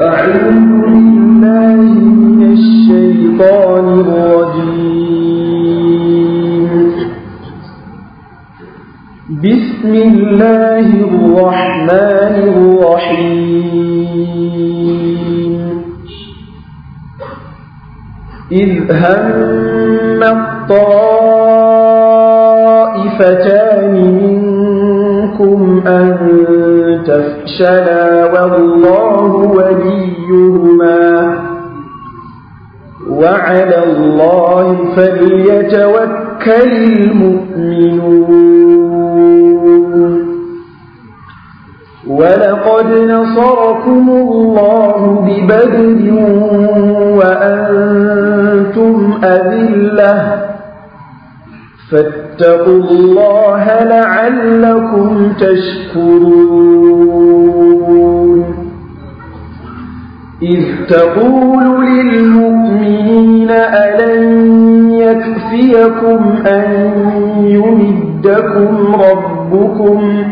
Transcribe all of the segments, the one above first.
أعوذ بالله من الشيطان الرجيم بسم الله الرحمن الرحيم إذ هم الطائفتان منكم أن تفشلا والله وليهما وعلى الله فليتوكل المؤمنون ولقد نصركم الله ببدر وأنتم أذلة واتقوا الله لعلكم تشكرون إذ تقول للمؤمنين ألن يكفيكم أن يمدكم ربكم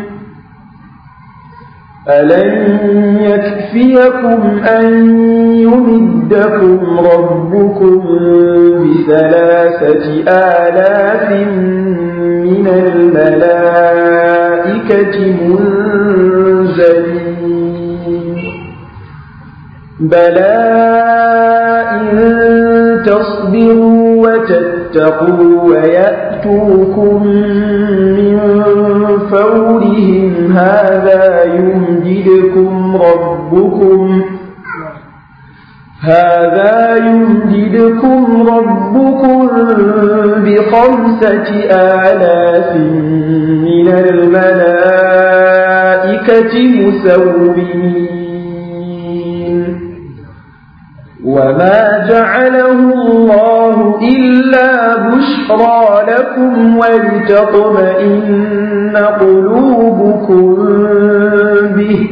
ألن يكفيكم أن يمدكم ربكم بثلاثة آلاف من الملائكة منزلين بلى إن تصبروا وتتقوا اتقوا ويأتوكم من فورهم هذا يمجدكم ربكم هذا يمجدكم ربكم بخمسة آلاف من الملائكة مسومين وما جعله الله إلا إلا بشرى لكم ولتطمئن قلوبكم به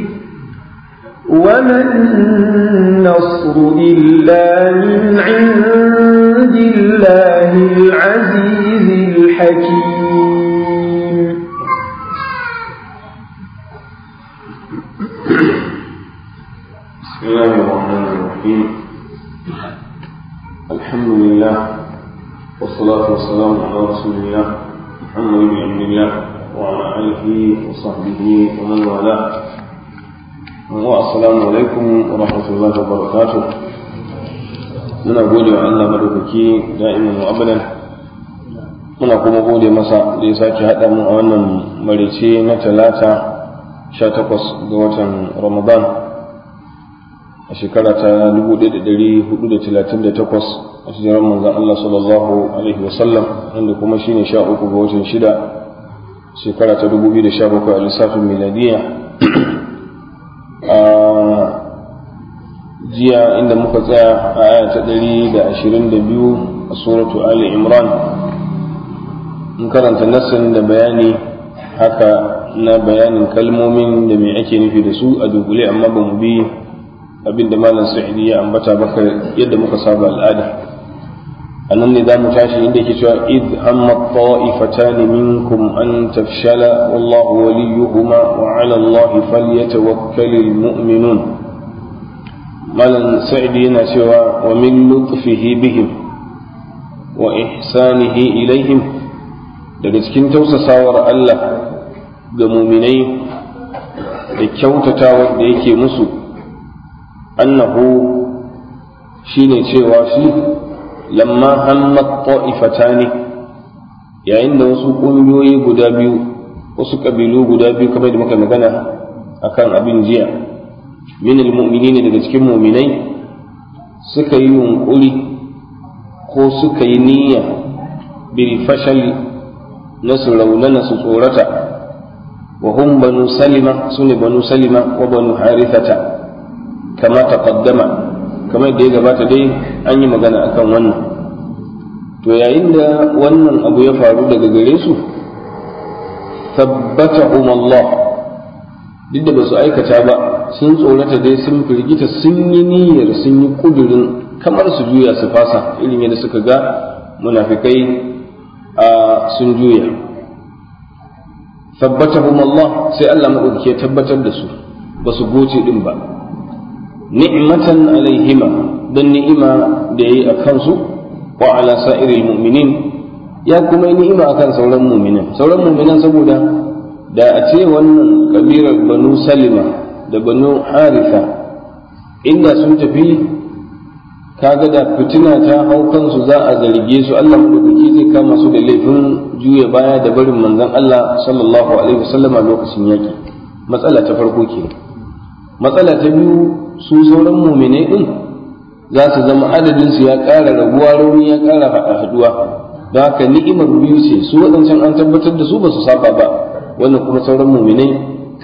وما النصر إلا من عند الله العزيز الحكيم بسم الله الرحمن الرحيم الحمد لله والصلاة والسلام على رسول الله محمد بن عبد الله وعلى آله وصحبه ومن والاه السلام عليكم ورحمة الله وبركاته muna gode wa Allah madaukaki da'iman wa abadan muna kuma gode masa da ya sake haɗa mu a wannan marice na talata 18 ga watan Ramadan a shekara ta 1438 a hijirar manzan Allah sallallahu alaihi wasallam inda kuma shine sha uku ga watan shida shekara ta 2017 a lissafin miladiya a jiya inda muka tsaya a aya ta 122 a suratu Ali Imran in karanta nassin da bayani haka na bayanin kalmomin da me ake nufi da su a dubule amma ba mu bi abin da malam sa'idi ya ambata baka yadda muka saba al'ada a nan ne za mu tashi inda yake cewa id hamma ta'ifatan minkum an tafshala wallahu waliyuhuma wa 'ala allahi falyatawakkalul mu'minun malam sa'idi yana cewa wa min lutfihi bihim wa ihsanihi ilaihim daga cikin tausasawar Allah ga muminai da kyautatawar da yake musu annahu shine cewa shi lamma hammat ne?” yayin da wasu kungiyoyi guda biyu wasu kabilu guda biyu kamar da muka magana akan abin jiya min almu'minina daga cikin mu'minai suka yi yunkuri ko suka yi niyya bil fashal na su raunana su tsorata wa hum banu salima sune banu salima wa banu harithata kama taqaddama kamar da ya gabata dai an yi magana akan wannan to yayin da wannan abu ya faru daga gare su tabbata Allah duk da ba su aikata ba sun tsorata dai sun firgita sun yi niyyar sun yi kudurin kamar su juya su fasa irin yadda suka ga munafikai a sun juya tabbata Allah sai Allah maɗauki ya tabbatar da su ba su goce din ba ni'matan alaihima don ni'ima da yayi a kansu wa ala sa'iril mu'minin ya kuma yi ni'ima akan sauran mu'minan sauran mu'minan saboda da a ce wannan kabilar banu salima da banu harifa inda sun tafi kaga da fitina ta hau kansu za a zarge su Allah madaukaki zai kama su da laifin juya baya da barin manzon Allah sallallahu alaihi wasallama lokacin yaki matsala ta farko kenan matsala ta biyu su sauran muminai din za su zama adadin su ya ƙara raguwa rauni ya ƙara haɗuwa don haka ni'imar biyu ce su waɗancan an tabbatar da su ba su saba ba wannan kuma sauran muminai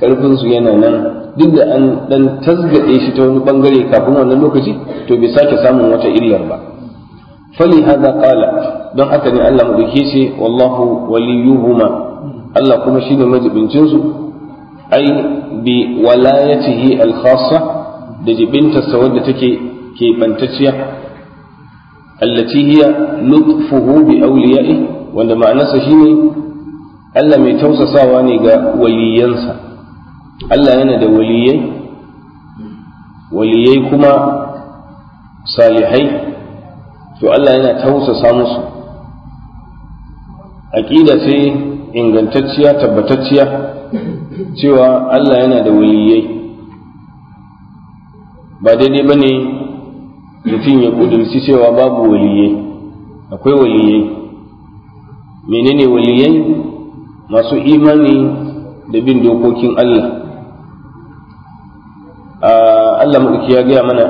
ƙarfin su yana nan duk da an ɗan tasgade shi ta wani ɓangare kafin wannan lokaci to bai sake samun wata illar ba fali hada qala don haka ne Allah mu dake shi wallahu waliyuhuma Allah kuma shine majibincin su ai bi walayatihi al-khassa da jibintarsa wadda take keɓantacciya allati hiya lutfuhu bi awliya'i wanda ma'anarsa shine Allah mai tausasawa ne ga waliyansa Allah yana da waliyai waliyai kuma salihai to Allah yana tausasa musu aƙida sai ingantacciya tabbatacciya cewa Allah yana da waliyai ba daidai ba ne mutum ya ƙudurci cewa babu waliyai akwai waliyai menene waliyai masu imani da bin dokokin Allah Allah maɗauki ya gaya mana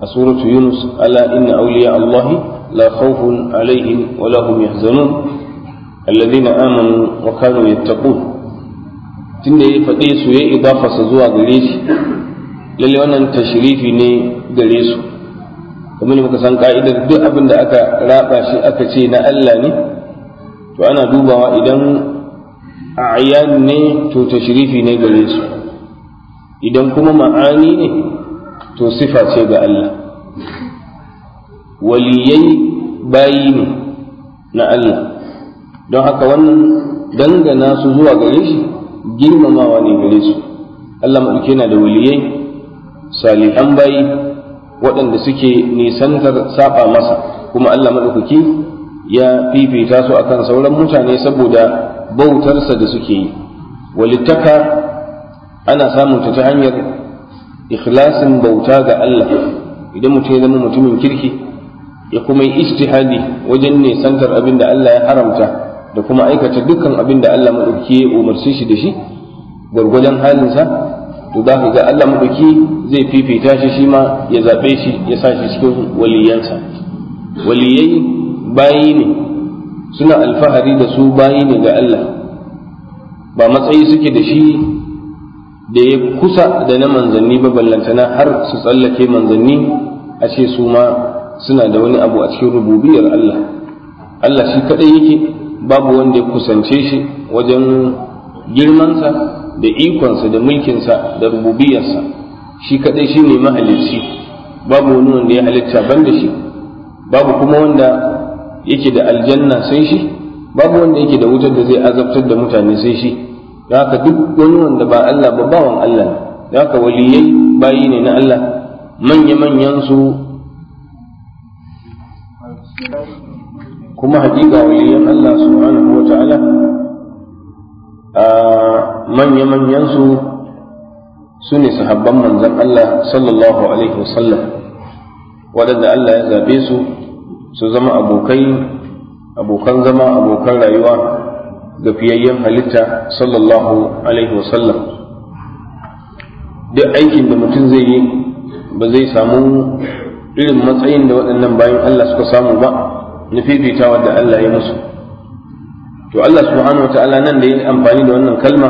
a suratu Yunus ala inna auliya Allahi la khawfun alaihim wa lahum yahzanun alladhina amanu wa kanu yattaqun tunda ya faɗe su ya su zuwa gare shi lalle wannan tashrifi ne gare su kuma ne muka san ka'idar duk abin da aka raba shi aka ce na Allah ne to ana dubawa idan a'yan ne to tashrifi ne gare su idan kuma ma'ani ne to sifa ce ga Allah waliyai bayi ne na Allah don haka wannan dangana su zuwa gare shi girmamawa ne gare su Allah maɗauki yana da waliyai salihan bayi waɗanda suke nisantar saba masa kuma Allah maɗaukaki ya fifita su akan sauran mutane saboda bautarsa da suke yi walittaka ana samun ta hanyar ikhlasin bauta ga Allah idan mutum ya zama mutumin kirki ya kuma yi istihadi wajen nisantar abin da Allah ya haramta da kuma aikata dukkan abin da Allah maɗauki ya umarce shi da shi gwargwadon halinsa to za ka ga Allah maɗauki zai fifita shi shi ma ya zaɓe shi ya sa shi cikin waliyansa waliyai bayi ne suna alfahari da su bayi ne ga Allah ba matsayi suke da shi da ya kusa da na manzanni ba ballantana har su tsallake manzanni a ce su ma suna da wani abu a cikin rububiyar Allah Allah shi kaɗai yake babu wanda ya kusance shi wajen girmansa da ikonsa da mulkinsa da rububiyarsa shi kadai shi ne mahalicci babu wani wanda ya halitta ban da shi babu kuma wanda yake da aljanna sai shi babu wanda yake da wutar da zai azabtar da mutane sai shi da haka duk wani wanda ba Allah ba bawan Allah da haka waliyai bayi ne na Allah manya-manyan su kuma haƙiƙa waliyan Allah subhanahu wa ta'ala manya-manyansu su ne sahabban manzan Allah sallallahu alaihi wasallam waɗanda Allah ya zabe su su zama abokai abokan zama abokan rayuwa ga fiyayyen halitta sallallahu alaihi wasallam duk aikin da mutum zai yi ba zai samu irin matsayin da waɗannan bayan Allah suka samu ba na fifita wanda Allah ya musu to Allah subhanahu wa ta'ala nan da ya amfani da wannan kalma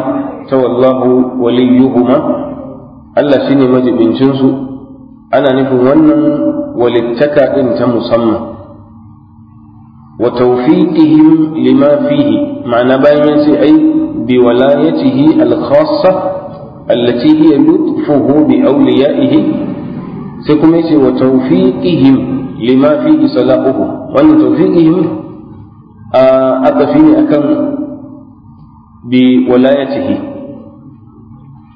ta wallahu waliyuhuma Allah shine majibincin su ana nufin wannan walittaka din ta musamman wa tawfiqihim lima fihi ma'ana bayan sai ai bi walayatihi al-khassa التي هي لطفه بأوليائه سيكون يسي وتوفيقهم lima fihi salahuhu wannan tawfiqihi min a adafi ne akan bi walayatihi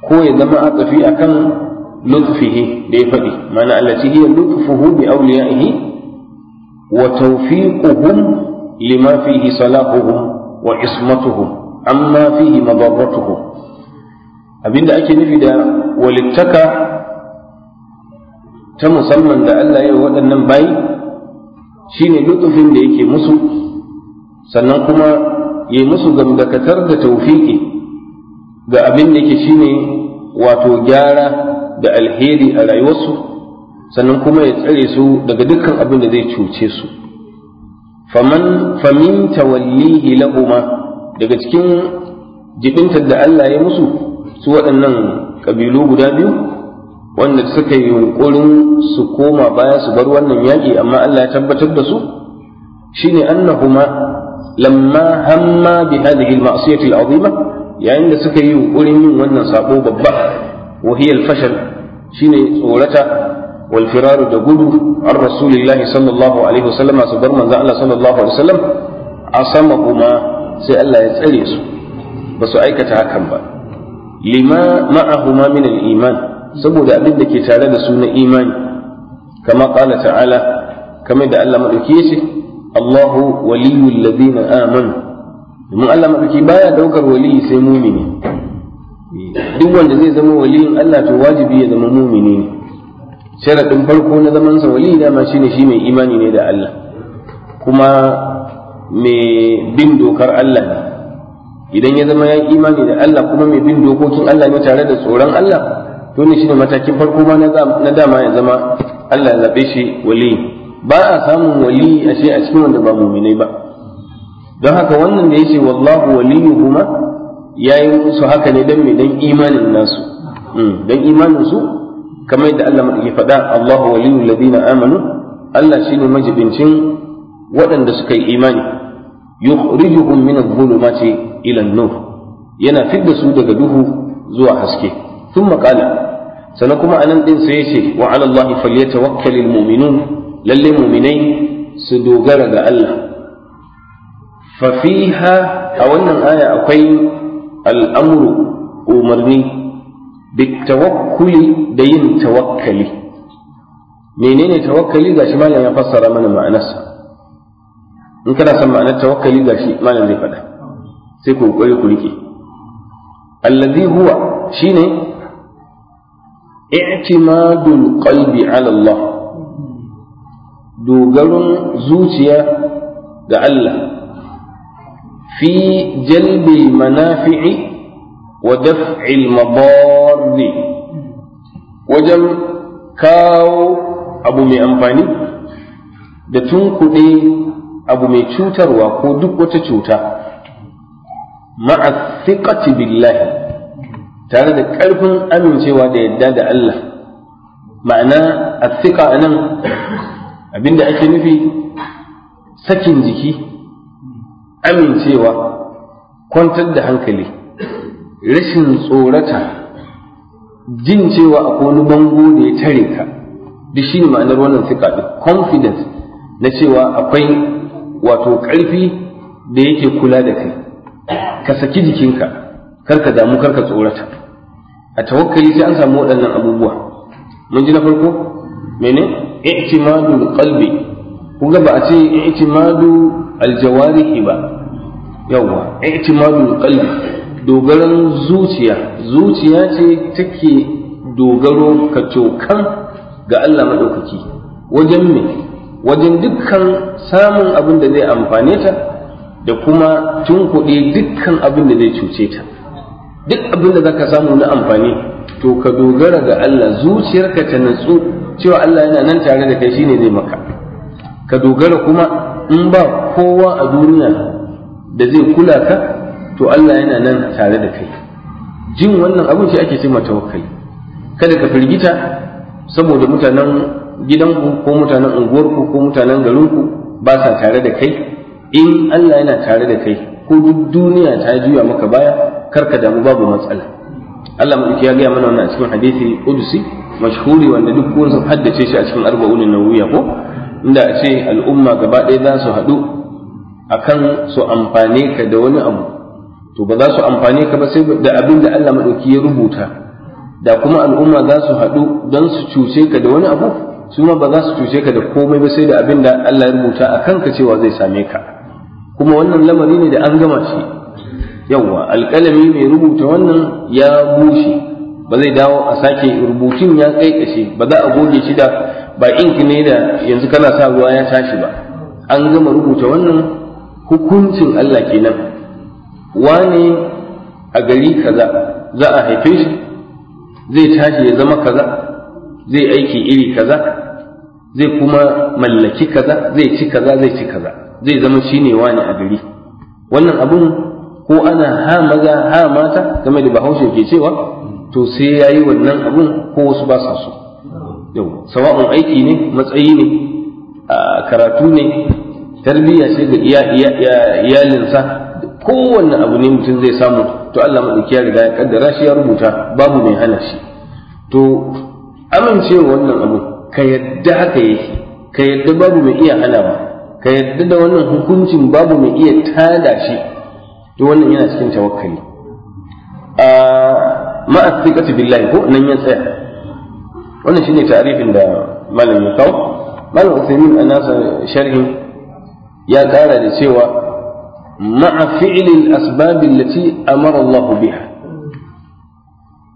ko ya zama adafi akan lutfihi da ya faɗi ma'ana allati hiya lutfuhu bi awliyaihi wa tawfiquhum lima fihi salahuhum wa ismatuhum amma fihi madarratuhum abinda ake nufi da walittaka ta musamman da Allah ya waɗannan bayi shine lutufin da yake musu sannan kuma yi musu gamdakatar da taufiki ga abin da yake ne wato gyara da alheri a rayuwarsu sannan kuma ya tsare su daga dukkan abin da zai cuce su faman famin tawallihi lahuma daga cikin jibintar da Allah ya musu su waɗannan ƙabilu guda biyu wanda suka yi yunkurin su koma baya su bar wannan yaƙi amma Allah ya tabbatar da su shine annahuma lamma hamma bi hadhihi al-ma'siyati al-azima yayin da suka yi yunkurin yin wannan sabo babba wa hiya al-fashal shine tsorata wal firaru da gudu an rasulillahi sallallahu alaihi wasallam su bar manzo Allah sallallahu alaihi wasallam asama kuma sai Allah ya tsare su ba su aikata hakan ba lima ma'ahuma min al-iman saboda abin da ke tare da su na imani kama qala ta'ala kamar da Allah ya ce, Allahu waliyul ladina amanu domin Allah madauki baya daukar waliyi sai mumini duk wanda zai zama waliyin Allah to wajibi ya zama mumini ne sharadin farko na zaman sa waliyi dama shine shi mai imani ne da Allah kuma mai bin dokar Allah ne idan ya zama ya imani da Allah kuma mai bin dokokin Allah ne tare da tsoron Allah to ne shine matakin farko ma na dama ya zama Allah ya zabe shi wali ba a samun wali ashe a cikin wanda ba mu'minai ba don haka wannan da yace wallahu waliyuhuma yayi musu haka ne dan me dan imanin nasu hmm, dan imanin su kamar yadda Allah madaki faɗa Allahu waliyul ladina amanu Allah shine majibincin waɗanda suka yi imani yukhrijuhum min adh-dhulumati ila an-nur yana fidda su daga duhu zuwa haske Tun qala sannan kuma anan din sai yace wa ala allahi falyatawakkalul mu'minun lalle mu'minai su dogara ga Allah Fafiha, a wannan aya akwai al'amru umarni bitawakkuli da yin tawakkali menene tawakkali gashi malam ya fassara mana ma'anarsa in kana son ma'anar tawakkali gashi malam zai faɗa sai ku kokari ku rike allazi huwa shine i'timadul qalbi ala allah dogaron zuciya ga allah fi jalbi manafi'i wa daf'i almadarri wajen kawo abu mai amfani da tunkuɗe abu mai cutarwa ko duk wata cuta ma'a thiqati billahi tare da ƙarfin amincewa da yadda da Allah ma'ana a athika nan abinda ake nufi sakin jiki amincewa kwantar da hankali rashin tsorata jin cewa akwai wani bango da ya tare ka duk shi ne ma'anar wannan tsika ɗin confidence na cewa akwai wato ƙarfi da yake kula da kai ka saki jikinka karka damu kar ka tsorata a tawakkali sai an samu waɗannan abubuwa mun ji na farko mene i'timadu qalbi kun ga ba a ce i'timadu aljawarihi ba yawwa i'timadu qalbi dogaran zuciya zuciya ce take dogaro ka cokan ga Allah madaukaki wajen me wajen dukkan samun abin da zai amfane ta da kuma tunkuɗe dukkan abin da zai cuce ta duk abin da zaka samu na amfani to ka dogara ga Allah zuciyarka ta natsu cewa Allah yana nan tare da kai shine zai maka ka dogara kuma in ba kowa a duniya da zai kula ka to Allah yana nan tare da kai jin wannan abin shi ake cewa tawakkali kada ka firgita saboda mutanen gidanku ko mutanen unguwarku ko mutanen garinku ba sa tare da kai in Allah yana tare da kai ko duk duniya ta juya maka baya karka damu babu matsala Allah madauki ya gaya mana wannan a cikin hadisi qudsi mashhuri wanda duk kun sun haddace shi a cikin arba'un nawawiya ko inda a ce al'umma gaba ɗaya za su haɗu akan su amfane ka da wani abu to ba za su amfane ka ba sai da abin da Allah madauki ya rubuta da kuma al'umma za su haɗu don su cuce ka da wani abu su ma ba za su cuce ka da komai ba sai da abin da Allah ya rubuta akan ka cewa zai same ka kuma wannan lamari ne da an gama shi yawwa alƙalami mai rubuta wannan ya bushe ba zai dawo a sake rubutun ya kashe ba za a goge shi da ba ink ne da yanzu kana sa ruwa ya tashi ba an gama rubuta wannan hukuncin Allah kenan wane a gari kaza za a haife shi zai tashi ya zama kaza zai aiki iri kaza zai kuma mallaki kaza zai ci kaza zai ci kaza zai zama shine wani a gari wannan abun ko ana ha maza ha mata game da bahaushe ke cewa to sai ya yi wannan abun ko wasu ba sa so yau sawa'un aiki ne matsayi ne karatu ne tarbiyya sai ga iyalinsa kowanne abu ne mutum zai samu to Allah maɗauki ya riga ya kaddara shi ya rubuta babu mai hana shi to amincewa wannan abu ka yadda haka yake ka yadda babu mai iya ba. ka yadda da wannan hukuncin babu mai iya tada shi duk wannan yana cikin tawakkali a ma'a thiqati billahi ko nan ya tsaya wannan shine ta'rifin da malamin kawo malam Uthaymeen a nasa sharhin ya ƙara da cewa ma'a fi'lil asbab allati amara Allah biha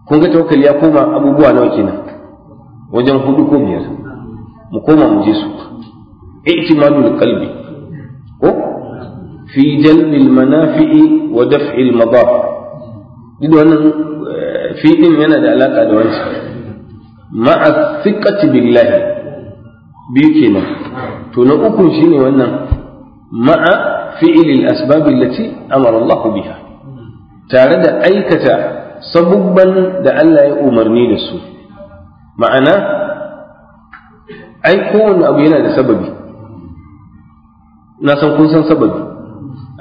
kun ga tawakkali ya koma abubuwa nawa kenan wajen hudu ko biyar mu koma mu je su i'timadul qalbi ko fi jalbil manafi'i wa daf'il madar duk wannan eh, fi din yana da alaka da wancan ma'a thiqati billahi biyu kenan to na uku shine wannan ma'a fi'il al-asbab allati amara Allah biha tare da aikata sabubban da Allah ya umarni da su ma'ana ai kowane abu yana da sababi na san kun san sababi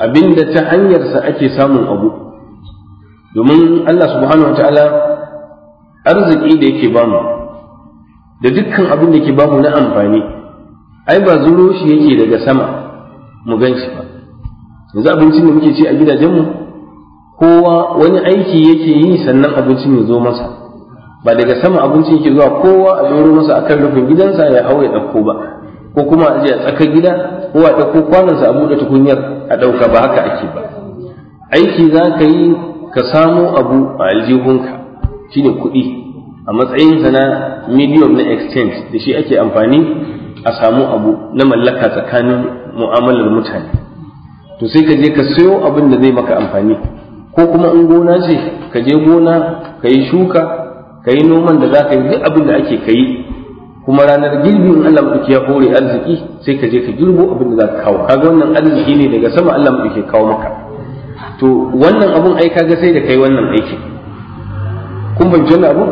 abinda ta hanyarsa ake samun abu domin Allah subhanahu wa ta'ala arziki da yake bamu da dukkan abin da ke bamu na amfani ai ba zuro shi yake daga sama mu gan shi ba yanzu abincin da muke ci a gidajenmu kowa wani aiki yake yi sannan abincin ya zo masa ba daga sama abincin yake zuwa kowa a zuro masa akan rufin gidansa ya hau ya ɗauko ba ko kuma a a tsakar gida ko a ɗauko kwanansa a buɗe tukunyar a ɗauka ba haka ake ba aiki za ka yi ka samo abu a aljihunka shine kuɗi a matsayinsa na medium na exchange da shi ake amfani a samu abu na mallaka tsakanin mu'amalar mutane to sai ka je ka sayo abin da zai maka amfani ko kuma in gona ce ka je gona ka yi shuka ka yi noman da za ka yi duk abin da ake ka yi kuma ranar girbi in Allah muke ya hore arziki sai ka je ka girbo abin da za ka kawo kaga wannan arziki ne daga sama Allah ya kawo maka to wannan abun ai kaga sai da kai wannan aikin kun ban jalla abu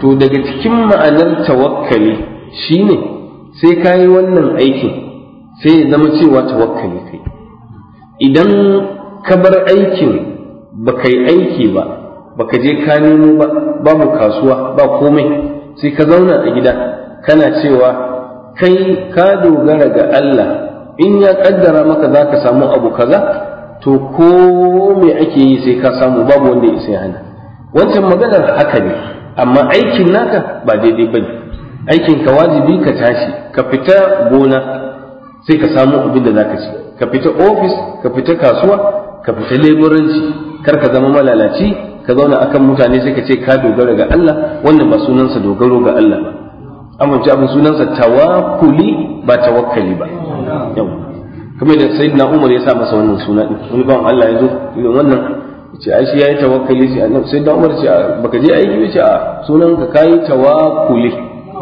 to daga cikin ma'anar tawakkali shine sai ka yi wannan aikin sai ya zama cewa tawakkali kai idan ka bar aikin ba kai aiki ba baka je ka nemo ba babu kasuwa ba komai sai ka zauna a gida kana cewa kai ka dogara ga Allah in ya kaddara maka za ka samu abu kaza to ko me ake yi sai ka samu babu wanda ya sai hana wancan maganar haka ne amma aikin naka ba daidai bane aikin ka wajibi ka tashi ka fita gona sai ka samu abin da zaka ci ka fita ofis ka fita kasuwa ka fita leburanci kar ka zama malalaci ka zauna akan mutane sai ka ce ka dogara ga Allah wannan ba sunansa dogaro ga Allah ba amince abin sunansa tawakkuli ba tawakkali ba yau kamar da na umar ya sa masa wannan suna din wani ban Allah ya zo wannan ce ai shi yayi tawakkali sai annabi umar ce baka je aiki ba ce a sunan ka kai tawakkuli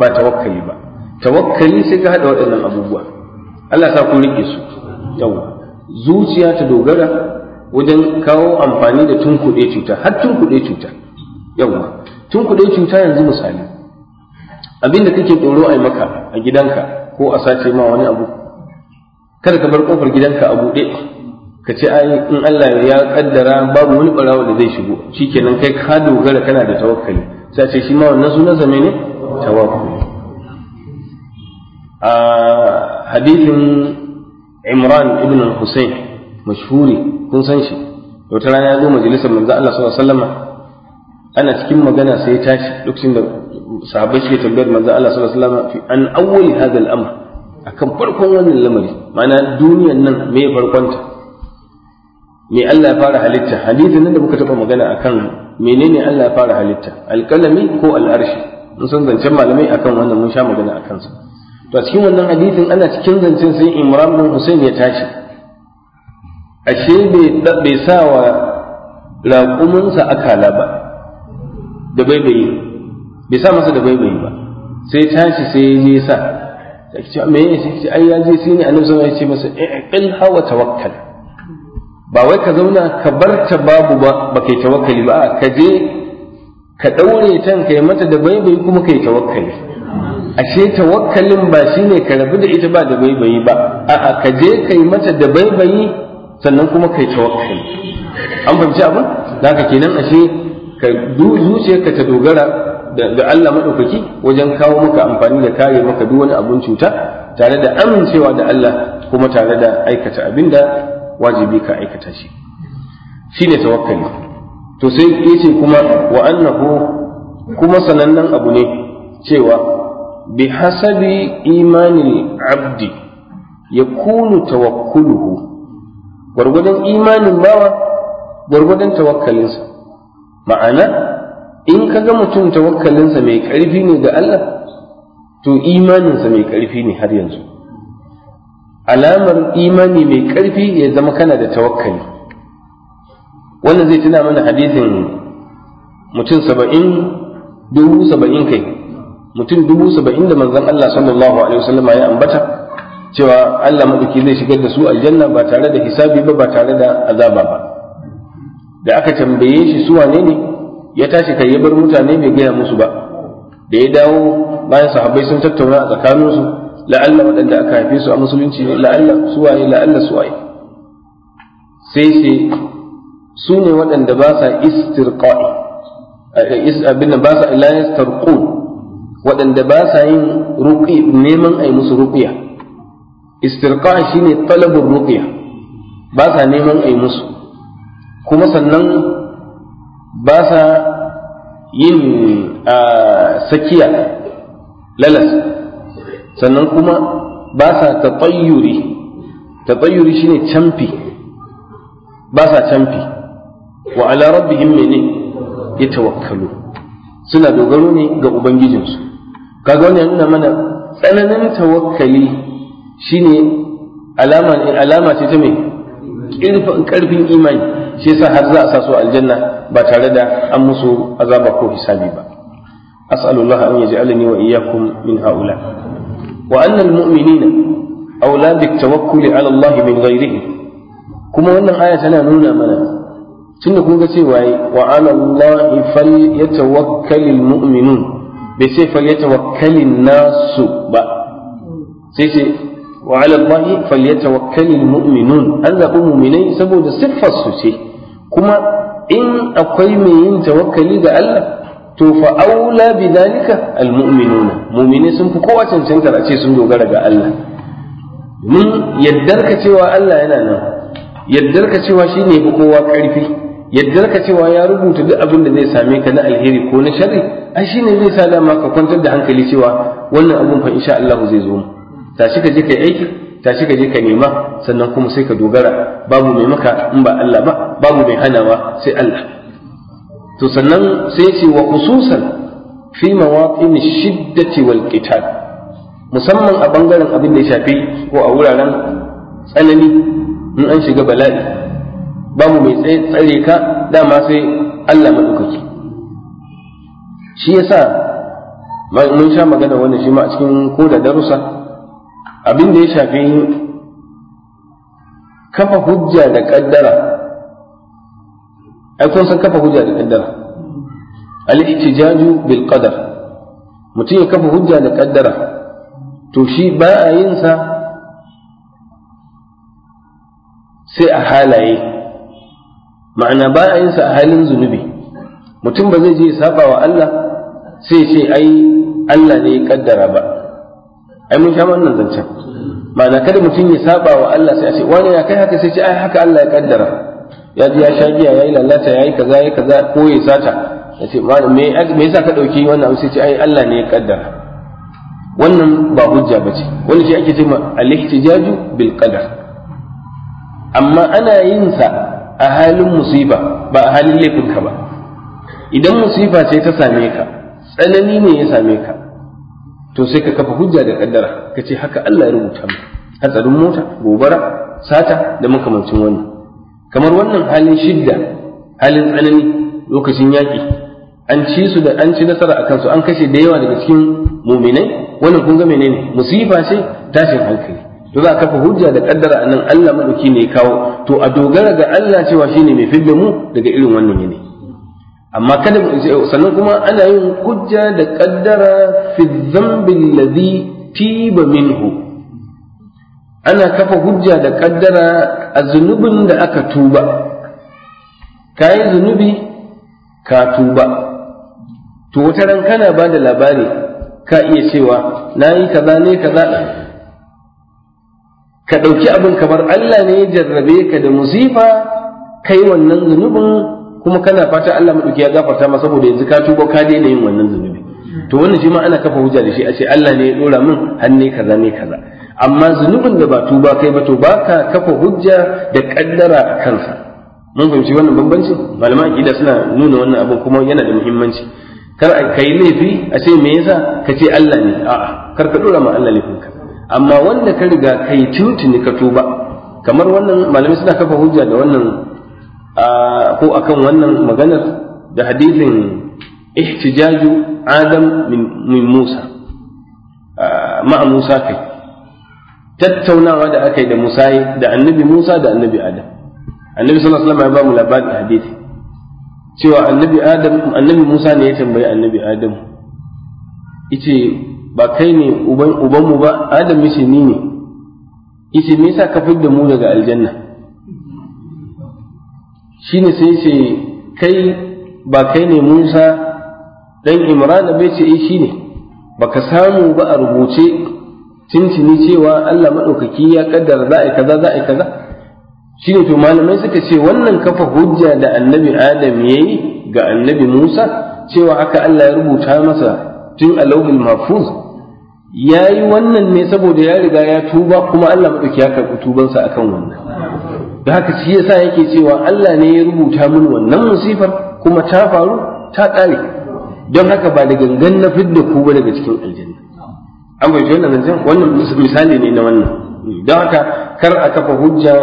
ba tawakkali ba tawakkali sai ka hada waɗannan abubuwa Allah sa ku rike su yau zuciya ta dogara wajen kawo amfani da tunkuɗe cuta har tunkuɗe cuta yau tunkuɗe cuta yanzu misali abin da kake tsoro a maka a gidanka ko a sace ma wani abu kada ka bar kofar gidanka a buɗe ka ce ai in Allah ya kaddara babu wani barawa da zai shigo shikenan kai ka dogara kana da tawakkali sai shi ma wannan sunan zame ne tawakkali a hadithin Imran ibn Hussein mashhuri kun san shi wata rana ya zo majalisar manzo Allah sallallahu alaihi wasallam ana cikin magana sai ya tashi duk da sahabbai suke tambayar manzo Allah sallallahu alaihi wasallam fi an awwal hadha al-amr akan farkon wannan lamari ma'ana duniyar nan me farkon ta me Allah ya fara halitta hadisin nan da muka taba magana akan menene Allah ya fara halitta alkalami ko al'arshi mun san zancen malamai akan wannan mun sha magana akan su to a cikin wannan hadisin ana cikin zancen sai Imran bin Hussein ya tashi ashe bai bai sa wa raƙuminsa akala ba da bai bai bai sa masa da baibayi ba sai tashi sai ya je sa da ce me ya ce ai ya je sai ne annabi sallallahu alaihi wasallam ya ce masa il eh, eh, hawa tawakkal ba wai ka zauna ka bar ta babu ba ba kai tawakkali ba ka je ka daure tan kai mata da baibayi kuma kai tawakkali ashe tawakkalin ba shine ka rabu da ita ba da baibayi ba a'a ka je kai mata da baibayi sannan kuma kai tawakkali an fahimci abin da haka kenan ashe ka zuciyarka ta dogara Da Allah madaukaki wajen kawo maka amfani da kare maka duk wani abun cuta tare da amincewa da Allah kuma tare da aikata abin wajibi ka aikata shi shine tawakkali to sai yace kuma wa annahu kuma sanannen abu ne cewa bi hasabi imanin abdi ya kunu tawakkuluhu gwargwadon imanin bawa gwargwadon tawakkalinsa ma'ana in ka ga mutum tawakkalinsa mai ƙarfi ne ga Allah to imaninsa mai ƙarfi ne har yanzu alamar imani mai ƙarfi ya zama kana da tawakkali wannan zai tuna mana hadisin mutum saba'in dubu saba'in kai mutum dubu saba'in da manzon Allah sallallahu alaihi wasallam ya ambata cewa Allah madaki zai shigar da su aljanna ba tare da hisabi ba ba tare da azaba ba da aka tambaye shi su wane ne ya tashi kai ya bar mutane bai gaya musu ba da ya dawo bayan sahabbai sun tattauna a tsakaninsu la'alla waɗanda aka haife su a musulunci ne la'alla suwaye la'alla suwaye sai sai su ne waɗanda ba sa istirqa'i abinda ba sa la yastarqun waɗanda ba sa yin ruqi neman ai musu ruqiya istirqa'i shine talabur ruqiya ba sa neman ai musu kuma sannan ba sa yin sakiya lalas sannan kuma ba sa taɓayyuri taɓayyuri shine camfi ba sa camfi wa ala rabbihim mene ya tawakkalu suna dogaro ne ga ubangijinsu kaga wannan nuna mana tsananin tawakkali shine alama alama ce ta mai ƙarfin imani shi yasa har za a sa su aljanna ba tare da an musu azaba ko hisabi ba as'alullah an yaj'alani wa iyyakum min haula wa anna almu'minina aula bitawakkuli ala Allah min ghairihi kuma wannan aya tana nuna mana tunda kun ga cewa wa ala Allah falyatawakkalul mu'minun bai sai falyatawakkalin nasu ba sai sai وعلى الله فليتوكل المؤمنون أن مؤمنين سبود صفة سوسي كما in akwai mai yin tawakkali ga Allah to fa aula bidhalika almu'minuna mu'mini sun fi kowa cancantar a ce sun dogara ga Allah mun yaddar ka cewa Allah yana nan yaddar ka cewa shine fi kowa karfi yaddar ka cewa ya rubuta duk abin da zai same ka na alheri ko na sharri ai shine zai sa dama ka kwantar da hankali cewa wannan abun fa insha Allah zai zo mu tashi ka je kai aiki tashi ka je ka nema sannan kuma sai ka dogara babu mai maka in ba Allah ba babu mai hanawa sai Allah to sannan sai ce wa khususan fi mawaqin shiddati wal qital musamman a bangaren abin da ya shafi ko a wuraren tsanani in an shiga bala'i babu mai tsare ka dama sai Allah madaukaki shi yasa mun sha magana wannan shi ma a cikin ko da darussa abin da ya shafi kafa hujja da kaddara ai kun san kafa hujja da kaddara al ittijaju bil qadar mutum ya kafa hujja da kaddara to shi ba a yin sa sai a halaye ma'ana ba a yin sa a halin zunubi mutum ba zai je ya saba wa Allah sai ce ai Allah ne ya kaddara ba ai mun sha wannan zancen ma'ana kada mutum ya saba wa Allah sai a ce wani ya kai haka sai ce ai haka Allah ya kaddara ya ji ya sha giya ya yi lalata ya yi kaza ya kaza ko ya sata ya ce me yasa ka ɗauki wannan abu sai ce ai Allah ne ya kaddara wannan ba hujja ba ce wani shi ake ce ma al-ihtijaju bil qadar amma ana yin sa a halin musiba ba a halin laifinka ba idan musiba ce ta same ka tsanani ne ya same ka to sai ka kafa hujja da kaddara ka ce haka Allah ya rubuta mu hatsarin mota gobara sata da makamancin wannan kamar wannan halin shidda halin tsanani lokacin yaƙi an ci su da an ci nasara a kansu an kashe da yawa daga cikin muminai wannan kun ga menene musifa ce tashin hankali to za a kafa hujja da kaddara nan Allah madauki ne ya kawo to a dogara ga Allah cewa shine mai fidda mu daga irin wannan yanayi amma kada mu sannan kuma ana yin hujja da kaddara fi dhanbi alladhi tiba minhu ana kafa hujja da kaddara a zunubin da aka tuba kayi zunubi ka tuba to wata ran kana ba da labari ka iya cewa na yi kaza ne kaza ka ɗauki abin kamar Allah ne ya jarrabe ka da musifa kai wannan zunubin kuma kana fata Allah duki ya gafarta ma saboda yanzu ka tuba ka daina yin wannan zunubi to wannan shi ma ana kafa hujja da shi a ce Allah ne ya dora min hanne kaza ne kaza amma zunubin da ba tuba kai ba to ba ka kafa hujja da kaddara a kansa mun fahimci wannan bambanci malaman aqida suna nuna wannan abin kuma yana da muhimmanci kar ka yi laifi a ce me yasa ka ce Allah ne a'a kar ka dora ma Allah kanka. amma wanda ka riga kai tuntuni ka tuba kamar wannan malamai suna kafa hujja da wannan ko akan wannan maganar da hadisin ihtijaju adam min Musa ma Musa kai tattaunawa da aka yi da Musa da annabi Musa da annabi Adam annabi sallallahu alaihi wasallam ya ba mu labarin hadisi cewa annabi Adam annabi Musa ne ya tambayi annabi Adam yace ba kai ne uban ubanmu ba Adam yace ni ne yace me yasa ka fidda mu daga aljanna Shi ne sai ce kai ba kai ne Musa dan Imran bai ce eh ne baka samu ba a rubuce cincini cewa Allah madaukaki ya kaddara za a kaza za a kaza Shi ne to malamai suka ce wannan kafa hujja da annabi Adam yayi ga annabi Musa cewa haka Allah ya rubuta masa tun a lauhul mahfuz ya yi wannan ne saboda ya riga ya tuba kuma Allah maɗauki ya karɓi tubansa akan wannan da haka shi yasa yake cewa Allah ne ya rubuta min wannan musifar kuma ta faru ta ƙare don haka ba da gangan na fidda ku ba daga cikin aljanna an bai wannan nan wannan misali ne na wannan don haka kar a kafa hujja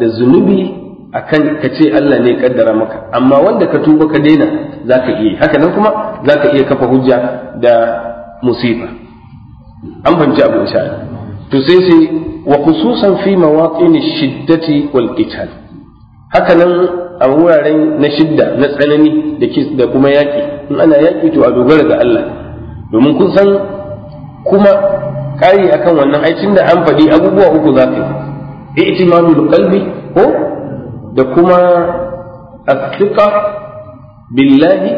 da zunubi akan ka ce Allah ne kaddara maka amma wanda ka tuba ka daina zaka iya haka nan kuma zaka iya kafa hujja da musifa an fahimci abu insha Allah to sai sai wa kususan fi mawaqin shiddati wal Haka nan, a wuraren na shidda na tsanani da kuma yaƙi in ana yaƙi to a dogara ga Allah domin kun san kuma ƙari akan wannan aicin da an faɗi abubuwa uku za ka yi i'timadul qalbi ko da kuma athiqa billahi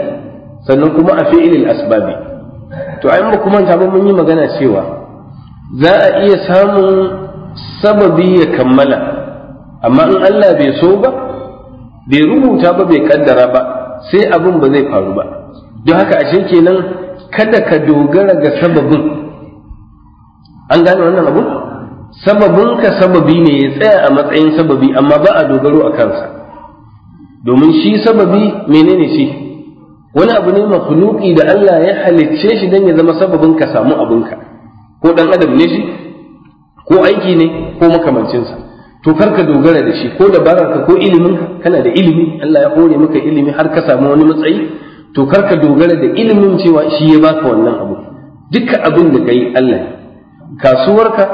sannan kuma a fi'ilil asbabi to ai mu kuma ta mun yi magana cewa za a iya samun sababi ya kammala amma in Allah bai so ba bai rubuta ba bai kaddara ba sai abin ba zai faru ba don haka ashe kenan kada ka dogara ga sababin an gane wannan abu sababin ka sababi ne ya tsaya a matsayin sababi amma ba a dogaro a kansa domin shi sababi menene shi wani abu ne makhluqi da Allah ya halicce shi don ya zama sababin ka samu abinka ko dan adam ne shi ko aiki ne ko makamancinsa to kar dogara da shi ko dabararka ko ilimin kana da ilimi Allah ya hore maka ilimi har ka samu wani matsayi to kar dogara da ilimin cewa shi ya baka wannan abu duka abin da kai Allah kasuwarka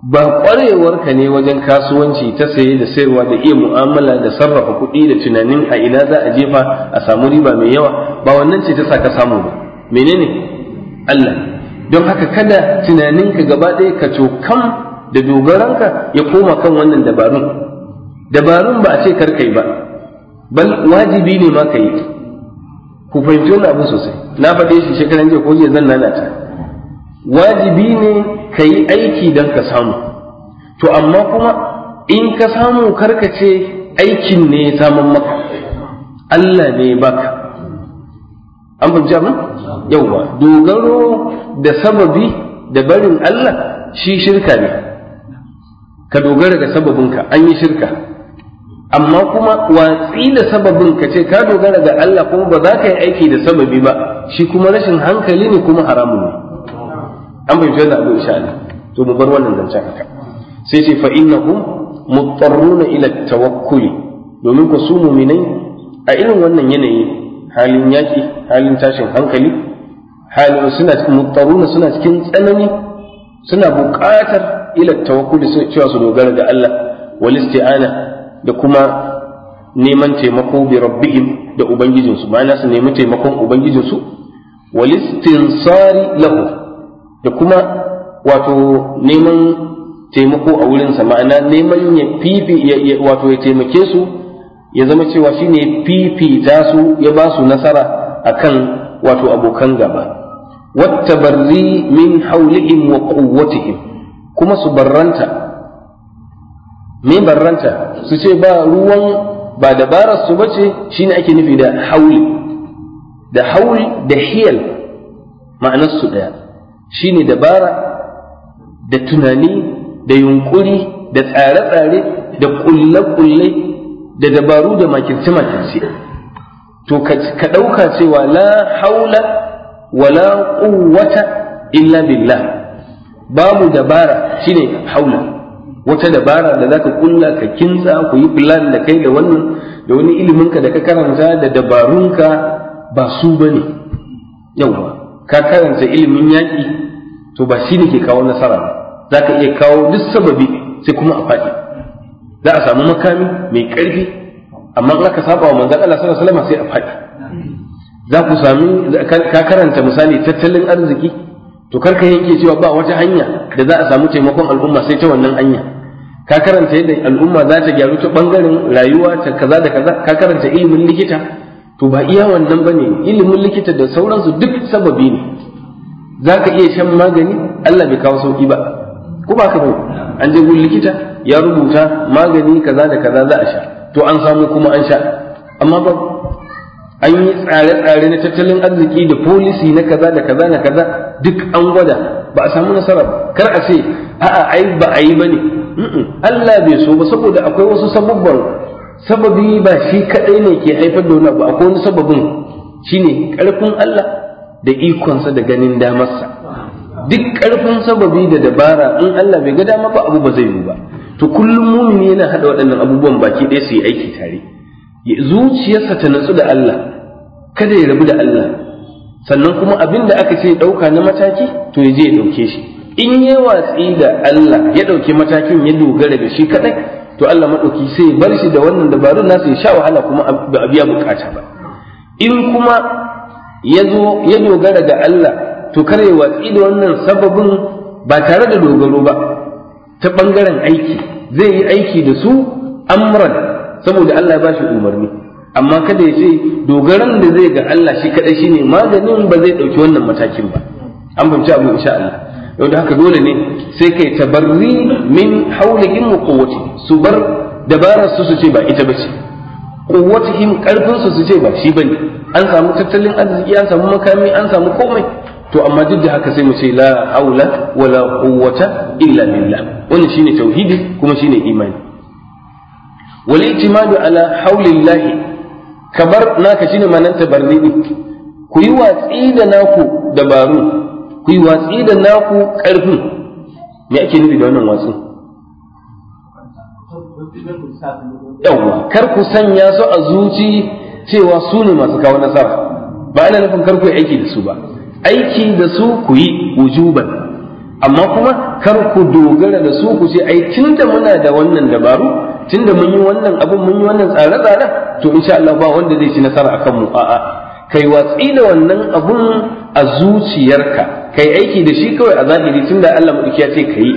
ba ƙwarewarka ne wajen kasuwanci ta saye da sayarwa da iya mu'amala da sarrafa kuɗi da tunanin a ina za a jefa a samu riba mai yawa ba wannan ce ta saka samu ba menene Allah don haka kada tunaninka gaba ɗaya ka cokan da dogaranka ya koma kan wannan dabarun dabarun ba a ce kar ba bal wajibi ne ma ka yi ku fahimci wani abu sosai na faɗe shi shekaran jiya ko jiya zan lalata wajibi ne ka yi aiki don ka samu to amma kuma in ka samu karka ce aikin ne ya samun maka Allah ne baka an fahimci abin yauwa dogaro da sababi da barin Allah shi shirka ne ka dogara ga sababinka an yi shirka amma kuma watsi da sababin ka ce ka dogara ga Allah kuma ba za ka yi aiki da sababi ba shi kuma rashin hankali ne kuma haramun ne an bai wannan abu insha Allah to mu bar wannan zancen haka sai ce fa innahum muttarruna ila tawakkuli domin ku su mu'minai a irin wannan yanayi halin yaki halin tashin hankali halin suna mutaruna suna cikin tsanani suna buƙatar ila da cewa su dogara ga Allah wal isti'ana da kuma neman taimako bi rabbihim da ubangijinsu ma'ana su nemi taimakon ubangijinsu wal istinsari lahu da kuma wato neman taimako a wurin sa ma'ana neman ya fifi wato ya taimake su ya zama cewa shine fifita su ya ba su nasara akan wato abokan gaba wattabarri min haulihim wa quwwatihim kuma su barranta me barranta su ce ba ruwan ba dabarar su bace shine ake nufi da hauli da haul da hiyal ma'anar su daya shine dabara da tunani da yunkuri da tsare-tsare da kulle-kulle da dabaru da makirce-makirce to ka ɗauka cewa la haula wala quwwata illa billah babu dabara shine haula wata dabara da zaka kulla ka kinsa ku yi plan da kai da wannan da wani ilimin ka da ka karanta da dabarunka ba su bane yawa ka karanta ilimin yaƙi to ba shi ke kawo nasara ba zaka iya kawo duk sababi sai kuma a faɗi za a samu makami mai ƙarfi amma in aka saba wa manzan Allah sallallahu alaihi wasallam sai a faɗi za ku sami ka karanta misali tattalin arziki to karka yanke cewa ba wata hanya da za a samu taimakon al'umma sai ta wannan hanya ka karanta yadda al'umma za ta gyaru ta bangaren rayuwa ta kaza da kaza ka karanta ilimin likita to ba iya wannan bane ilimin likita da sauransu duk sababi ne za ka iya shan magani Allah bai kawo sauki ba ko ba ka an je gun likita ya rubuta magani kaza da kaza za a sha to an samu kuma an sha amma ba an yi tsare-tsare na tattalin arziki da polisi na kaza da kaza na kaza duk an gwada ba a samu nasara kar a ce a'a ai ba a yi bane Allah bai so ba saboda akwai wasu sababbin sababi ba shi kadai ne ke haifar da wani abu akwai wani sababin shine karfin Allah da ikonsa da ganin damarsa duk karfin sababi da dabara in Allah bai ga dama ba abu ba zai yi ba to kullum mumini yana hada waɗannan abubuwan baki ɗaya su yi aiki tare zuciyarsa ta natsu da Allah kada ya rabu da Allah sannan kuma abin da aka ce ɗauka na mataki to ya je ya ɗauke shi in yi watsi da Allah ya ɗauki matakin ya dogara da shi kaɗai to Allah maɗauki sai bar shi da wannan dabarun nasu ya sha wahala kuma ba a biya bukata ba in kuma ya zo ya dogara da Allah to kare watsi da wannan sababin ba tare da dogaro ba ta ɓangaren aiki zai yi aiki da su amran saboda Allah ya shi umarni amma kada ya ce dogaran da zai ga Allah shi kaɗai ne, maganin ba zai ɗauki wannan matakin ba an fahimci abu insha Allah yau da haka dole ne sai kai tabarri min haulihim wa quwwati su bar dabarar su su ce ba ita bace quwwatihim karfin su su ce ba shi bane an samu tattalin arziki an samu makami an samu komai to amma duk da haka sai mu ce la haula wala quwwata illa billah wannan shine tauhidi kuma shine imani wal i'timadu ala haulillah kabar naka shine manan tabarni ku yi watsi da naku dabaru ku yi watsi da naku karfin me ake nufi da wannan watsi yawa kar ku sanya su a zuci cewa su ne masu kawo nasara ba ana nufin kar ku aiki da su ba aiki da su ku yi wujuban amma kuma kar ku dogara da su ku ce ai tunda muna da wannan dabaru tunda mun yi wannan abin mun yi wannan tsare-tsare to insha Allah ba wanda zai ci nasara akan mu a'a kai watsi da wannan abun a zuciyarka kai aiki da shi kawai a zahiri tunda Allah madauki ya ce kai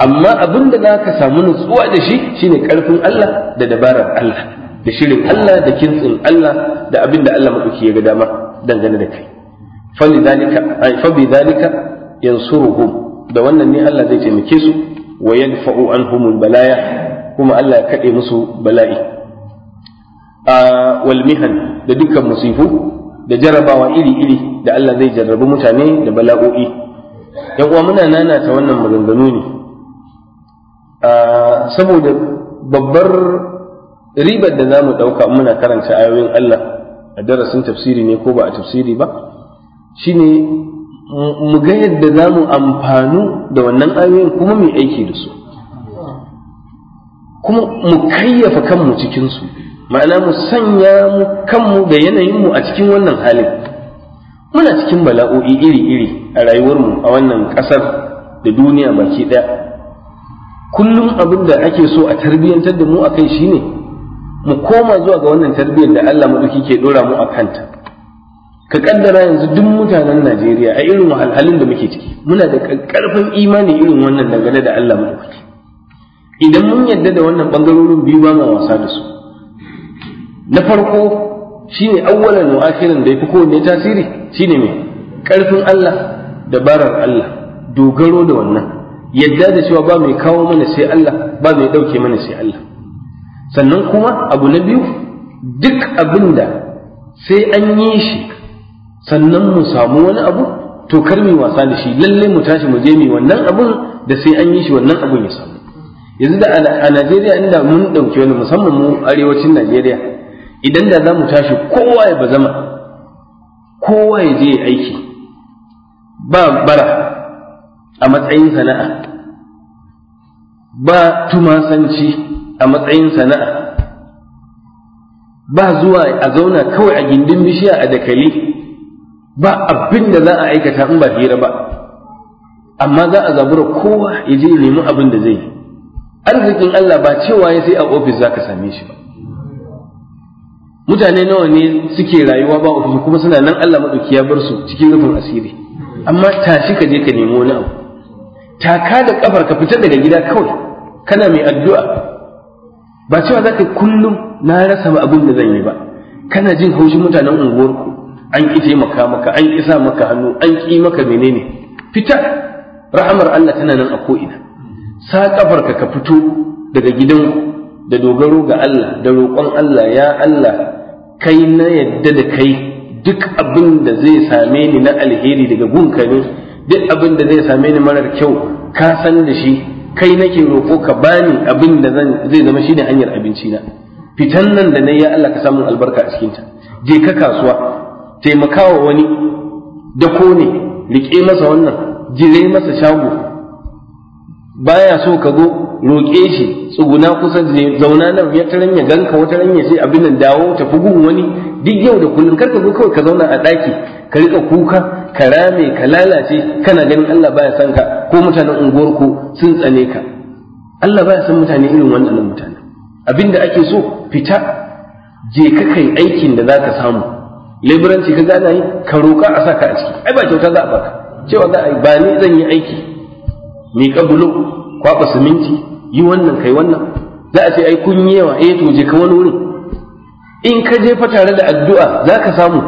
amma abin da naka samu nutsuwa da shi shine karfin Allah da dabarar Allah da shirin Allah da kintsin Allah da abin da Allah madauki ya ga dama dangane da kai فبذلك ينصرهم da wannan ne Allah zai taimake su wa yadfa'u anhumul balaya kuma Allah ya kade musu bala'i a wal da dukkan musifu da jarabawa iri iri da Allah zai jarrabi mutane da bala'o'i yan uwa muna nanata wannan maganganu ne saboda babbar ribar da zamu ɗauka muna karanta ayoyin Allah a darasin tafsiri ne ko ba a tafsiri ba shine mu ga yadda za mu amfanu da wannan ayoyin kuma mai aiki da su kuma mu kayyafa kanmu cikinsu ma'ana mu sanya mu kanmu da yanayinmu a cikin wannan halin muna cikin bala'o'i iri-iri a rayuwarmu a wannan ƙasar da duniya baki ɗaya kullum abin da ake so a tarbiyyantar da mu a kai ne, mu koma zuwa ga wannan tarbiyyar da Allah maɗauki ke ɗora mu a kanta ka kaddara yanzu duk mutanen Najeriya a irin wahalhalin da muke ciki muna da karfin imani irin wannan dangane da Allah mu idan mun yadda da wannan bangarorin biyu ba ma wasa da su na farko shine awwalan wa akhiran da yafi kowanne tasiri shine me karfin Allah dabarar Allah dogaro da wannan yadda da cewa ba mai kawo mana sai Allah ba mai dauke mana sai Allah sannan kuma abu na biyu duk abinda sai an yi shi sannan mu samu wani abu to kar mu wasa da shi lalle mu tashi mu je mu wannan abun da sai an yi shi wannan abun ya samu yanzu da a Najeriya inda mun ɗauki wani musamman mu arewacin Najeriya idan da za mu tashi kowa ya bazama kowa ya je aiki ba bara a matsayin sana'a ba tumasanci a matsayin sana'a ba zuwa a zauna kawai a gindin bishiya a dakali ba abin da za a aikata in ba hira ba amma za a zabura kowa ya je nemi abin da zai yi arzikin Allah ba cewa ya sai a ofis za ka same shi ba mutane nawa ne suke rayuwa ba ofis kuma suna nan Allah maɗauki ya bar su cikin rufin asiri amma tashi ka je ka nemi wani abu taka da kafar ka fita daga gida kawai kana mai addu'a ba cewa za ka kullum na rasa ba abin da zan yi ba kana jin haushin mutanen unguwarku an ki taimaka maka an isa maka hannu an ki maka menene fita rahamar Allah tana nan a ko'ina sa kafar ka fito daga gidan da dogaro ga Allah da roƙon Allah ya Allah kai na yadda da kai duk abin da zai same ni na alheri daga gunka ne duk abin da zai same ni marar kyau ka san da shi kai nake roƙo ka bani abin da zai zama shi ne hanyar abinci na fitan nan da na ya Allah ka samu albarka a cikinta je ka kasuwa taimakawa wani da ne riƙe masa wannan jire masa shago baya so ka zo roƙe shi tsuguna kusa zauna nan ya taran ya ganka wata ran ya ce abin nan dawo ta gun wani duk yau da kullum kar ka zo kawai ka zauna a ɗaki ka riƙa kuka ka rame ka lalace kana ganin Allah baya san ka ko mutanen unguwarku sun tsane ka Allah baya san mutane irin wannan mutane abinda ake so fita je ka aikin da zaka samu liberanci ka gana yi ka roƙa a saka a ciki ai ba kyauta za a baka cewa za a yi ba ni zan yi aiki miƙa bulo kwaɓa siminti yi wannan kai wannan za a ce ai kun yi yawa eh to je ka wani wuri in ka je fa tare da addu'a za ka samu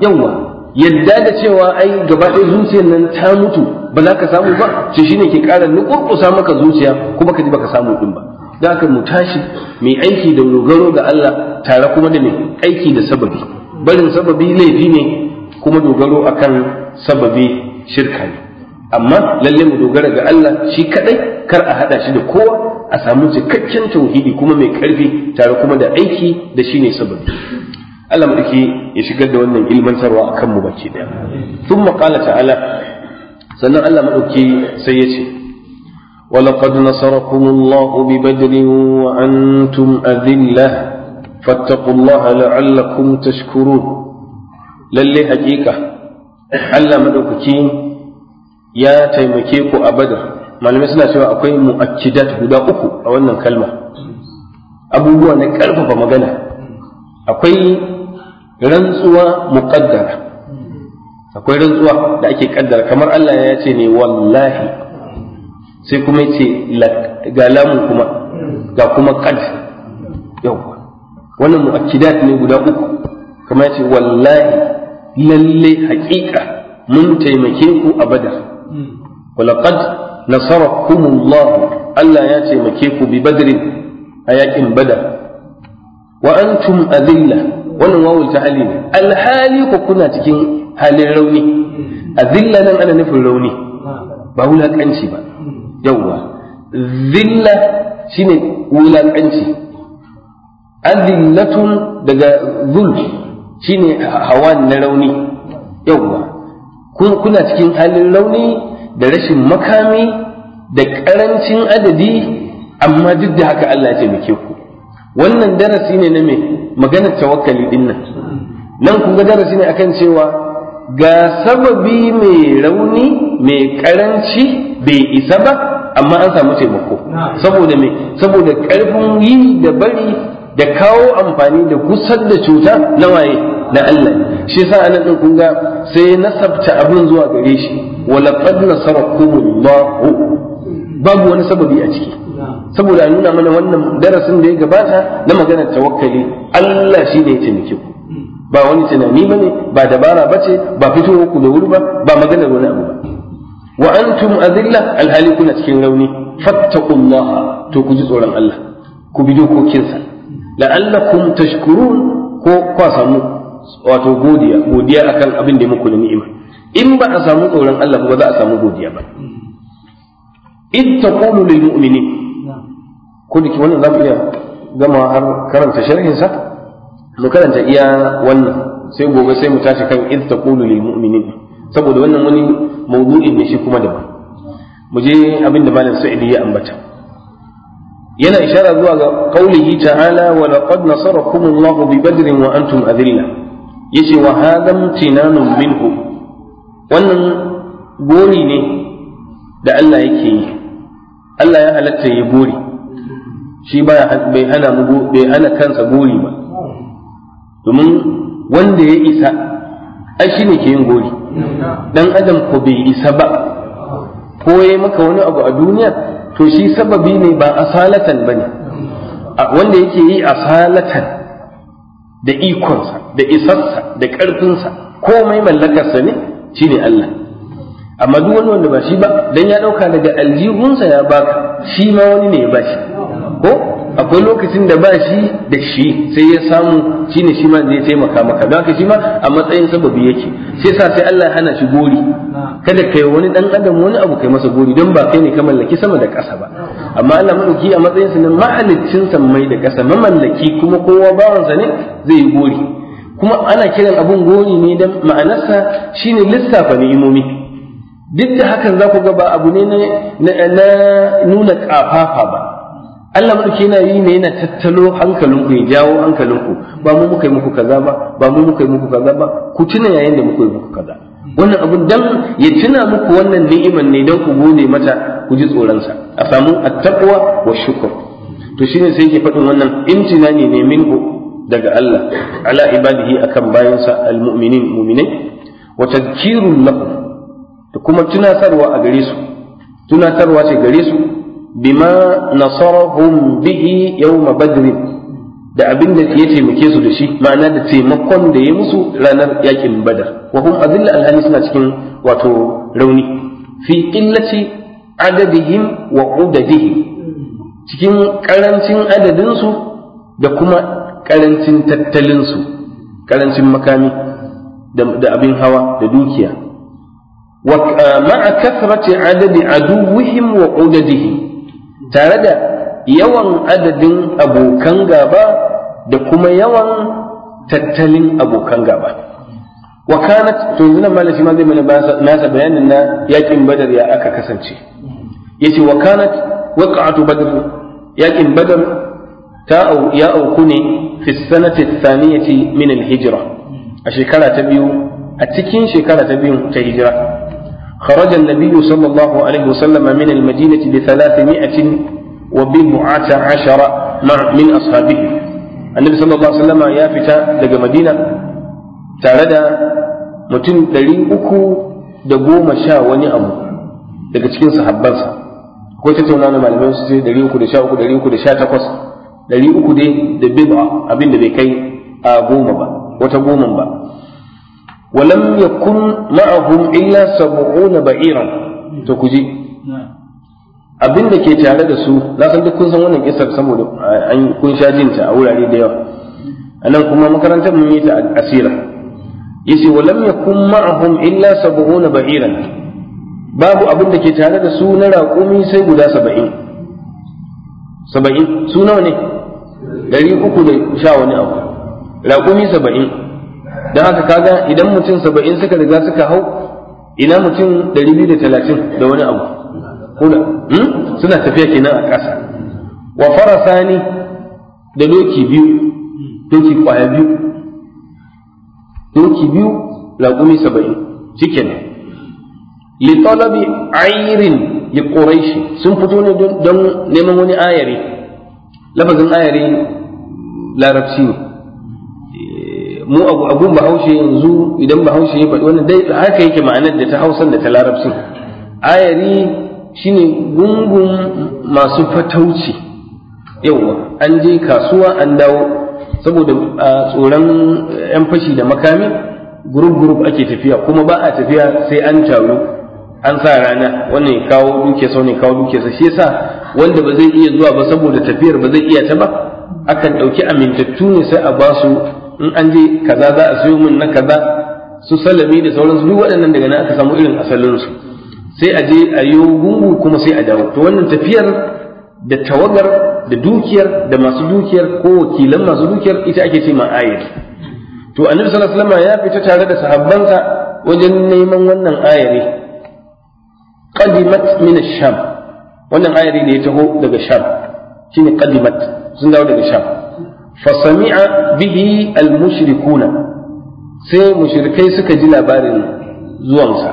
yawa yadda da cewa ai gaba ɗaya zuciyar nan ta mutu ba za ka samu ba ce shine ke ƙara nukurkusa maka zuciya kuma ka ji baka samu din ba da haka mu tashi mai aiki da dogaro ga Allah tare kuma da mai aiki da sababi barin sababi laifi ne kuma dogaro akan sababi shirka ne amma lalle mu dogara ga Allah shi kadai kar a hada shi da kowa a samu cikakken tauhidi kuma mai karfi tare kuma da aiki da ne sababi Allah madaki ya shigar da wannan ilmantarwa a kanmu baki daya thumma maƙala ta'ala sannan Allah madauki sai ya ce ولقد نصركم الله ببدر وأنتم أذلة فاتقوا الله لعلكم تشكرون lalle hakika Allah madaukaki ya taimake ku a bada. malamai suna cewa akwai mu'akkidat guda uku a wannan kalma abubuwa na karfafa magana akwai rantsuwa muqaddara akwai rantsuwa da ake kaddara kamar Allah ya ce ne wallahi sai kuma ya ga lamun ga kuma qad yau wannan mu'akkidat ne guda uku Kama ya ce wallahi lalle haƙiƙa mun taimake ku a badar walaqad nasarakumullah Allah ya taimake ku bi badrin a yaƙin badar wa antum adilla wannan wawul ta'ali ne alhali ku kuna cikin halin rauni adilla nan ana nufin rauni ba wulaƙanci ba yawwa zilla shine wulaƙanci azillatun daga zul shine hawan na rauni yawwa kuna cikin halin rauni da rashin makami da ƙarancin adadi amma duk da haka Allah ya taimake ku wannan darasi ne na me maganar tawakkali din nan nan kun ga darasi ne akan cewa ga sababi mai rauni mai ƙaranci bai isa ba amma an samu taimako saboda me saboda ƙarfin yi da bari da kawo amfani da kusan da cuta na waye na Allah shi yasa anan din kun ga sai nasabta abin zuwa gare shi wala qad nasarakumullah babu wani sababi a ciki saboda a nuna mana wannan darasin da ya gabata na maganar tawakkali Allah shi ne ya taimake ku ba wani tunani bane, ba dabara bace, ba fitowa ku da wuri ba ba maganar wani abu ba wa antum azilla alhali kuna cikin rauni fattaqullaha to ku ji tsoron Allah ku bi dokokinsa la'allakum tashkurun ko kwa samu wato godiya godiya akan abin da muku ni'ima in ba a samu tsoron Allah ba za a samu godiya ba in taqulu lil mu'minin ko dake wannan zamu iya gama har karanta sharhin sa mu karanta iya wannan sai gobe sai mu tashi kan in taqulu lil mu'minin saboda wannan wani mawdu'in ne shi kuma daban mu je abin da malam Sa'idi ya ambata yana ishara zuwa ga qaulihi ta'ala wa laqad nasarakumullahu bi badrin wa antum adilla yace wa hadha imtinanun minhu wannan gori ne da Allah yake yi Allah ya halatta ya gori shi baya bai ana mu bai hana kansa gori ba domin wanda ya isa ai shine ke yin gori dan adam ko bai isa ba ko yayi maka wani abu a duniya to shi sababi ne ba asalatan bane wanda yake yi asalatan da ikonsa da isarsa da ƙarfinsa komai mallakarsa ne shine Allah amma duk wani wanda ba shi ba dan ya ɗauka daga aljihunsa ya baka shi ma wani ne ya shi. ko akwai lokacin da ba shi da shi sai ya samu shine shi ma zai taimaka maka don haka shi ma a matsayin sababi yake sai sa sai Allah hana shi gori kada kai wani dan adam wani abu kai masa gori don ba kai ne ka mallaki sama da ƙasa ba amma Allah madauki a matsayin sa na mahalicin mai da ƙasa mamallaki kuma kowa bawansa ne zai yi gori kuma ana kiran abun gori ne dan ma'anarsa shine lissafa ni'imomi duk da hakan za ku ga ba abu ne na nuna ƙafafa ba Allah mulki yana yi ne yana tattalo hankalinku ya jawo hankalinku ba mu muka yi muku kaza ba ba mu muka yi muku kaza ba ku tuna yayin da muka yi muku kaza wannan abun dan ya tuna muku wannan ni'iman ne dan ku gode mata ku ji tsoron sa a samu at-taqwa wa shukr to shine sai yake faɗin wannan imtinani ne minku daga Allah ala ibadihi akan bayansa al-mu'minin mu'minai wa tadhkirul lahum To kuma tunasarwa a gare su tunatarwa ce gare su bima نصرهم به يوم بدر da abin da ya taimake su da shi ma'ana da taimakon da ya musu ranar yakin badar wa hum azilla alhani suna cikin wato rauni fi qillati adadihim wa udadihim cikin karancin adadin su da kuma karancin tattalin su karancin makami da abin hawa da dukiya ma'a kasrati adadi aduwihim wa udadihim tare da yawan adadin abokan gaba da kuma yawan tattalin abokan gaba wa kana to yana ma zai mana nasa bayanin na yakin badar ya aka kasance yace wa kana waqa'atu badr yakin badar ta au ya auku ne fi sanati thaniyati min al-hijra a shekara ta biyu a cikin shekara ta biyu ta hijira خرج النبي صلى الله عليه وسلم من المدينة بثلاثمائة وبضعة عشر مع من أصحابه النبي صلى الله عليه وسلم يا فتا دق مدينة تاردا متن دلين أكو دقوم شا وني أبو دق تكين صحبانسا ko ta tauna na malamai su sai dari uku da sha uku dari uku da sha takwas dari uku dai da bid'a abin da bai kai a goma ba wata goman ba ولم يكن معهم إلا سبعون بعيرا تكجي abin da ke tare da su na san duk kun san wannan kisar saboda an kun sha jinta a wurare da yawa anan kuma makarantar mun yi ta asira yace wa lam yakun ma'ahum illa 70 ba'iran babu abin da ke tare da su na raqumi sai guda 70 70 su nawa ne 300 da sha wani abu raqumi 70 don haka kaga idan mutum saba'in suka riga suka hau ina mutum ɗari biyu da talatin da wani abu kuna hmm? suna tafiya kenan a ƙasa wa farasani da doki biyu doki kwaya biyu doki biyu laƙumi saba'in cikin li talabi ayrin ya quraishi sun fito ne don neman wani ayari lafazin ayari larabci ne mu abu abun bahaushe yanzu idan bahaushe ya faɗi wannan dai haka yake ma'anar da ta hausan da ta larabcin ayari shine gungun masu fatauci yauwa an je kasuwa an dawo saboda tsoron yan eh, fashi da makami gurup-gurup group ake tafiya kuma ba a tafiya sai an taru an sa rana wannan ya kawo duke sau ne kawo duke sa shi yasa wanda ba zai iya zuwa ba saboda tafiyar ba zai iya ta ba akan ɗauki amintattu ne sai a basu in an je kaza za a siyo min na kaza su salami da sauransu duk waɗannan daga nan aka samu irin asalinsu sai a je a yi gungu kuma sai a dawo to wannan tafiyar da tawagar da dukiyar da masu dukiyar ko wakilan masu dukiyar ita ake ce ma'ayir to annabi sallallahu alaihi ya fita tare da sahabbansa wajen neman wannan ayari qadimat min sham wannan ayari ne ya taho daga sham shine qadimat sun dawo daga sham fasami'a bihi al-mushrikuna sai mushrikai suka ji labarin zuwansa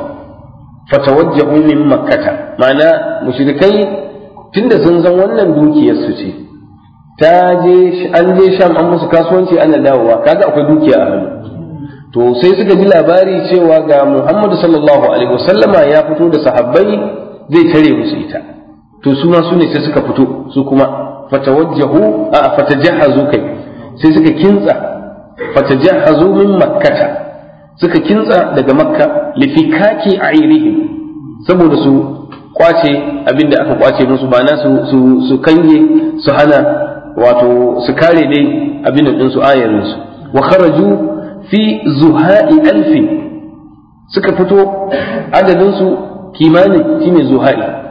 fatawajjahu min makkata ma'ana mushrikai tunda sun san wannan dukiyar su ce ta je an je sham an musu kasuwanci ana dawowa kaga akwai dukiya a hannu to sai suka ji labari cewa ga Muhammadu sallallahu alaihi ya fito da sahabbai zai tare musu ita to su ma su sai suka fito su kuma fatawajjahu a fatajahazu kai sai suka kintsa fatajahazu min makkata suka kintsa daga makka lifikaki airihim saboda su kwace abin aka kwace musu ba na su su kange su hana wato su kare dai abin din su ayarin su wa kharaju fi zuha'i alfi suka fito adadin su kimanin shine zuha'i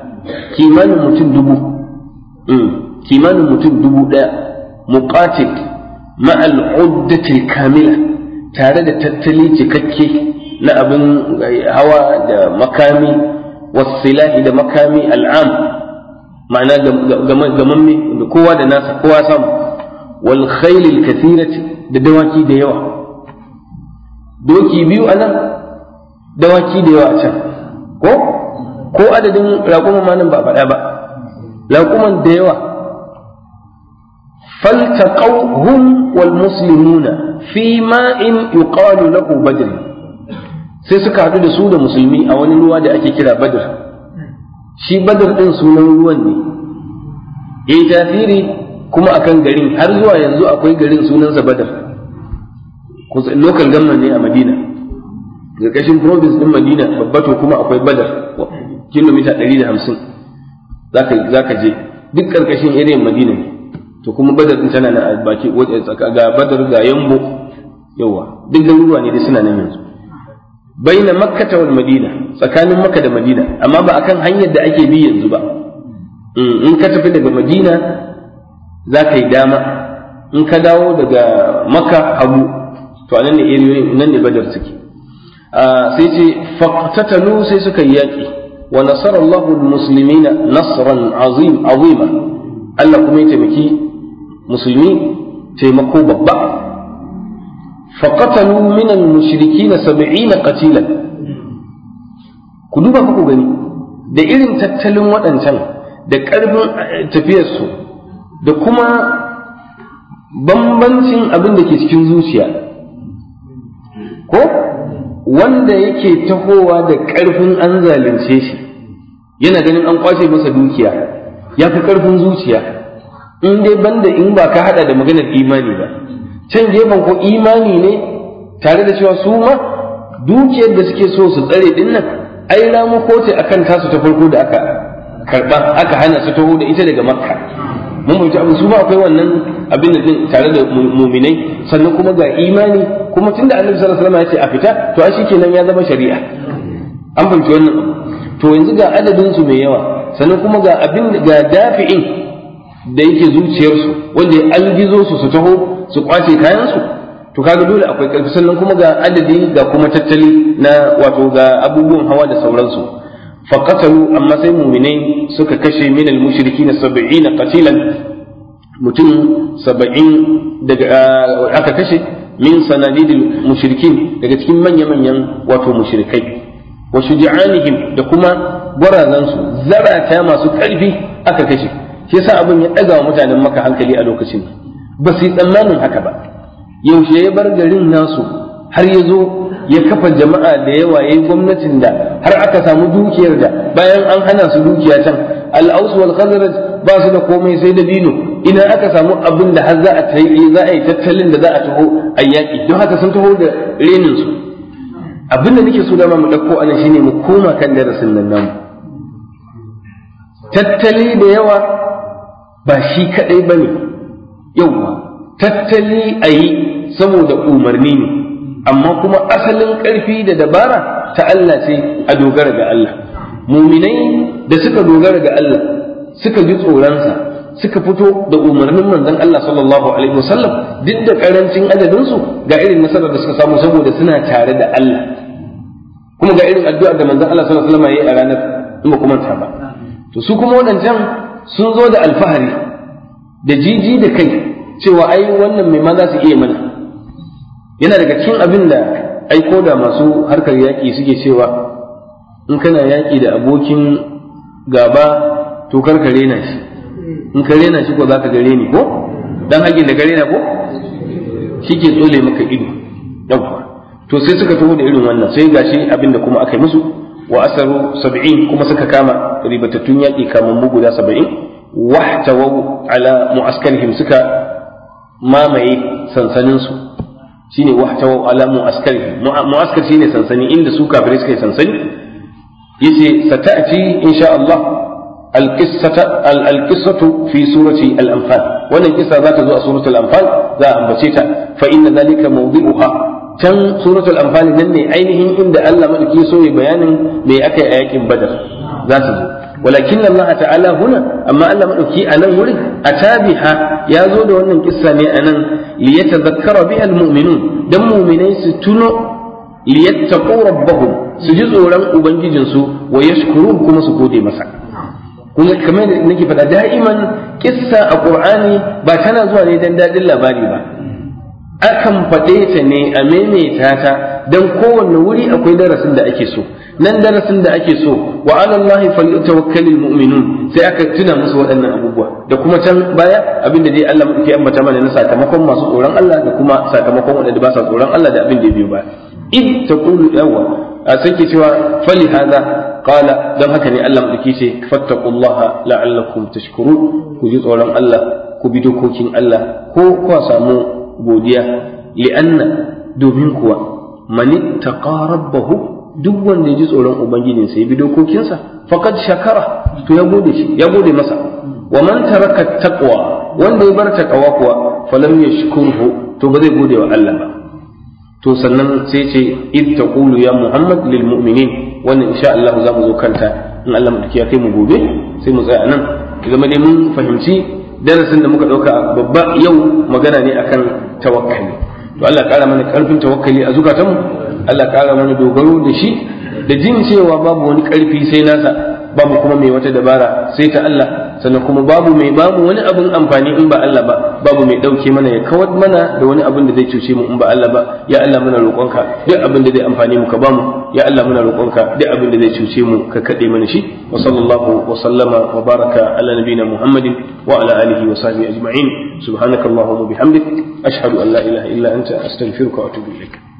kimanin mutum dubu mm. kimanin mutum dubu ɗaya muƙatil ma'al uddatil kamila tare da tattali cikakke na abin eh, hawa da makami wasilahi da makami al'am ma'ana gamamme da kowa da nasa kowa samu wal khailil kathirati da dawaki da yawa doki biyu anan dawaki da yawa a can ko ko adadin raƙuman ma nan ba faɗa ba raƙuman da yawa faltaqawhum wal muslimuna fi ma'in yuqalu lahu badr sai suka haɗu da su da musulmi a wani ruwa da ake kira badr shi badr din sunan ruwan ne yayi tasiri kuma akan garin har zuwa yanzu akwai garin sunansa badr local government ne a madina ƙarƙashin province din madina babbato kuma akwai badar kilomita ɗari da hamsin za ka je duk ƙarƙashin irin madina ne to kuma badar ɗin tana nan a baki eh, ga badar ga yambo yawa duk garuruwa ne dai suna nan yanzu baina makka wal madina tsakanin makka da madina amma ba akan hanyar da ake bi yanzu ba mm, in ka tafi daga madina za ka yi dama in ka dawo daga makka hagu to anan ne nan ne badar suke ah, sai ce faqtatalu sai suka yi yaƙi ونصر الله المسلمين نصرا عظيم عظيما الله كما يتمكي مسلمين تيمكو ببع فقتلوا من المشركين سبعين قتيلا كدوبا فكو غني da irin tattalin waɗancan da ƙarfin tafiyarsu da kuma bambancin abin da ke cikin zuciya ko wanda yake tahowa da ƙarfin an zalunce shi yana ganin an kwashe masa dukiya ya fi ƙarfin zuciya in dai banda in ba ka haɗa da maganar imani ba can gefen ko imani ne tare da cewa su ma dukiyar da suke so su tsare din nan ai ramu kote akan tasu ta farko da aka karɓa aka hana su taho da ita daga makka mun mutu abu su ba akwai wannan abin da tare da muminai sannan kuma ga imani kuma tunda annabi sallallahu alaihi wasallam ya ce a fita to ai shikenan ya zama shari'a an fahimci wannan to yanzu ga adadin su mai yawa sannan kuma ga abin ga dafi'in da yake zuciyarsu wanda an gizo su su taho su kwace kayan su to kaga dole akwai karfi sannan kuma ga adadi ga kuma tattali na wato ga abubuwan hawa da sauransu faqatalu amma sai mu'minai suka kashe min al-mushrikin 70 qatilan mutum 70 daga aka kashe min sanadidil mushrikin daga cikin manya-manyan wato mushrikai wa shuja'anihim da kuma gwarazansu zarata masu ƙarfi aka kashe shi yasa abin ya ɗaga wa mutanen maka hankali a lokacin ba su yi tsammanin haka ba yaushe ya bar garin nasu har ya zo ya kafa jama'a da yawa ya yi gwamnatin da har aka samu dukiyar da bayan an hana su dukiya can al'ausu wal khazraj ba su da komai sai da dino ina aka samu abin da har za a za a yi tattalin da za a taho a yaƙi don haka sun taho da renin su abin da nake so dama mu ɗauko anan shine mu koma kan darasin nan namu tattali da yawa ba shi kaɗai ba ne yauwa tattali a yi saboda umarni ne amma kuma asalin ƙarfi da dabara ta Allah ce a dogara ga Allah muminai da suka dogara ga Allah suka ji tsoronsa suka fito da umarnin manzon Allah sallallahu alaihi wasallam duk da karancin adadin su ga irin nasarar da suka samu saboda suna tare da Allah kuma ga irin addu'ar da manzon Allah sallallahu alaihi wasallam yayi a ranar in ba kuma ta ba to su kuma wadancan sun zo da alfahari da jiji da kai cewa ai wannan mai ma za su iya mana yana daga cikin abin da ai koda masu harkar yaƙi suke cewa in kana yaƙi da abokin gaba to karkare na shi in ka rena shi ko za ka gare ni ko dan hakin da ka rena ko shi ke tsole maka ido yawwa to sai suka taho da irin wannan sai gashi abin da kuma aka yi musu wa asaru 70 kuma suka kama ribatattun yaƙi kamun mu guda wa wahtawau ala mu'askarihim suka mamaye sansaninsu shine wahtawau ala mu'askarihim mu'askar shine sansani inda su kafirai suka yi sansani yace sata'ati insha Allah alƙisatu fi surati al'amfal wannan kisa za ta zo a surati al'amfal za a ambace ta fa inna zalika mawdi'uha can surati al'amfal nan ne ainihin inda Allah madauki so ya bayanin me aka yi a yakin badar za su zo walakin Allah ta'ala huna amma Allah madauki a wurin a tabiha ya zo da wannan kisa ne a nan liyatadhakkara biha almu'minun dan mu'minai su tuno liyata rabbahum su ji tsoron ubangijinsu wa yashkuru kuma su gode masa kuma kamar nake faɗa da'iman kissa a qur'ani ba tana zuwa ne don dadin labari ba akan faɗe ta ne a maimaita ta dan kowanne wuri akwai darasin da ake so nan darasin da ake so wa alallahi Allahi falyatawakkalul mu'minun sai aka tuna musu waɗannan abubuwa da kuma can baya abinda dai Allah muke ambata mana na sakamakon masu tsoron Allah da kuma sakamakon waɗanda ba sa tsoron Allah da abin da ya biyo ba id taqulu yawa a sake cewa fali hadha qala don haka ne Allah madaki ce fattaqullaha la'allakum tashkurun ku ji tsoron Allah ku bi dokokin Allah ko ku samu godiya li'anna domin kuwa man taqa rabbahu duk wanda ya ji tsoron ubangijinsa ya bi dokokinsa faqad shakara to ya gode masa wa manta raka taqwa wanda ya bar taqwa kuwa falam hu to ba zai gode wa Allah ba to sannan sai ce id taqulu ya muhammad lil mu'minin wannan insha Allah za mu zo kanta in Allah mu ya kai mu gobe sai mu tsaya nan zama dai mun fahimci darasin da muka dauka babba yau magana ne akan tawakkali to Allah kara mana karfin tawakkali a zukatanmu Allah kara mana dogaro da shi da jin cewa babu wani karfi sai nasa babu kuma mai wata dabara sai ta Allah sannan kuma babu mai babu wani abin amfani in ba Allah ba babu mai ɗauke mana ya kawar mana da wani abin da zai cuce mu in ba Allah ba ya Allah muna roƙonka duk abin da zai amfani mu ka bamu ya Allah muna roƙonka duk abin da zai cuce mu ka kaɗe mana shi wa sallallahu wa sallama wa baraka ala nabiyina muhammadin wa ala alihi wa sahbihi ajma'in subhanakallahumma bihamdik ashhadu an la ilaha illa anta astaghfiruka wa atubu ilaik